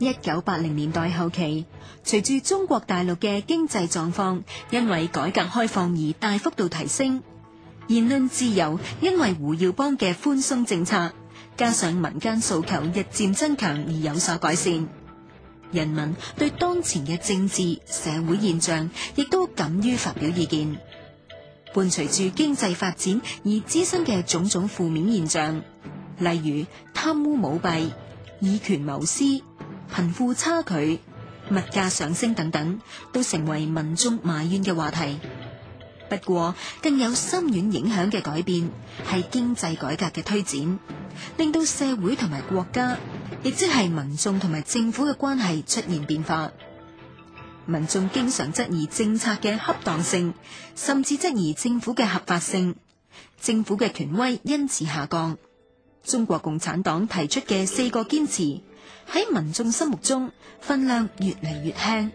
一九八零年代後期，隨住中國大陸嘅經濟狀況因為改革開放而大幅度提升，言論自由因為胡耀邦嘅寬鬆政策，加上民間訴求日漸增強而有所改善。人民對當前嘅政治社會現象亦都敢於發表意見。伴隨住經濟發展而滋生嘅種種負面現象，例如貪污舞弊、以權謀私。貧富差距、物價上升等等，都成為民眾埋怨嘅話題。不過，更有深遠影響嘅改變係經濟改革嘅推展，令到社會同埋國家，亦即係民眾同埋政府嘅關係出現變化。民眾經常質疑政策嘅恰當性，甚至質疑政府嘅合法性，政府嘅權威因此下降。中國共產黨提出嘅四個堅持。喺民眾心目中，分量越嚟越輕，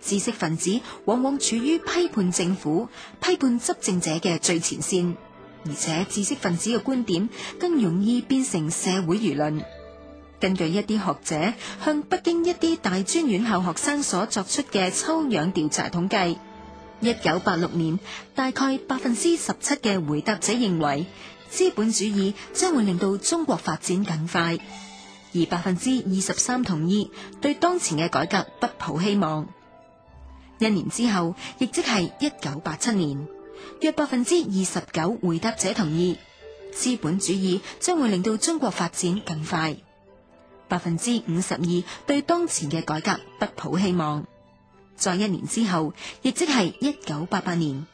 知識分子往往處於批判政府、批判執政者嘅最前線，而且知識分子嘅觀點更容易變成社會輿論。根據一啲學者向北京一啲大專院校學生所作出嘅抽樣調查統計，一九八六年大概百分之十七嘅回答者認為資本主義將會令到中國發展更快。而百分之二十三同意對當前嘅改革不抱希望。一年之後，亦即係一九八七年，約百分之二十九回答者同意資本主義將會令到中國發展更快。百分之五十二對當前嘅改革不抱希望。再一年之後，亦即係一九八八年，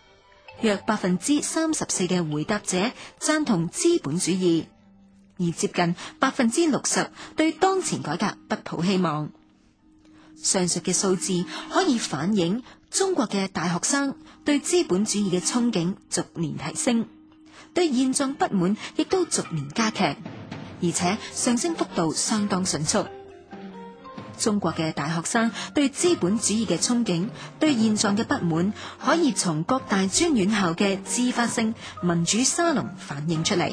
約百分之三十四嘅回答者贊同資本主義。而接近百分之六十對當前改革不抱希望。上述嘅數字可以反映中國嘅大學生對資本主義嘅憧憬逐年提升，對現狀不滿亦都逐年加劇，而且上升幅度相當迅速。中國嘅大學生對資本主義嘅憧憬、對現狀嘅不滿，可以從各大專院校嘅自發性民主沙龍反映出嚟。